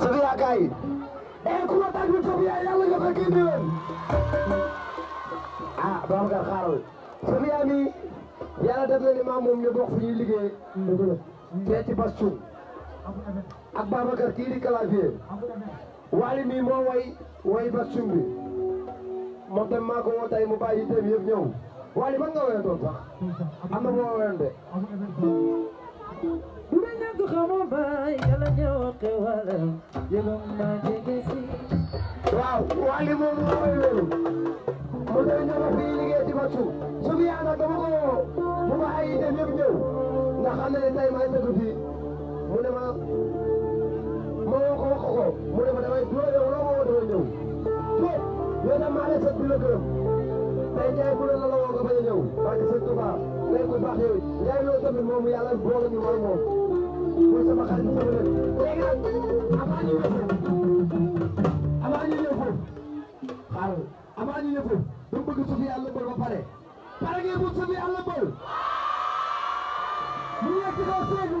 Sufiakaay eh ku ma tàggu Sofia eh, yàlla nga fekk indi leen ah Babacar xaaral Sofia mi yàlla def na ni maam moom bokk fu ñuy liggéey dëgg bas Thioum ak Babacar kii di clavier Waly moo way way bas Thioum bi moom tam maa mu bàyyi itam yëpp ñëw Waly nga woyoon doon sax am moo woyoon de Udah nyaku kamu baik Kalau nyawa ke walau Jaga mati kesi Wow, wali mumu Udah nyawa pilih ya di batu Subi anak kamu kau Muma ayi dan nyuk nyuk Nah kan dari tayi main teguk di Muna ma Mau kau kau kau Muna ma damai dua yang lama Dua yang lama Dua yang lama Dua yang lama Dua yang lama barke sëñ Touba léegi bu baax yooyu yaay loolu tamit moom yàlla boole ñu war moom mooy sama xarit sama lépp léegi nag amaa amaa ñu ñëw foofu amaa ñu ñëw foofu dama bëgg suuf yàlla bool ba pare pare ngeen bëgg suuf yàlla bool mu nekk ci kaw seegu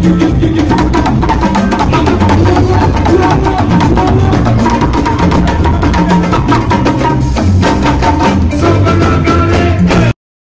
Thank you.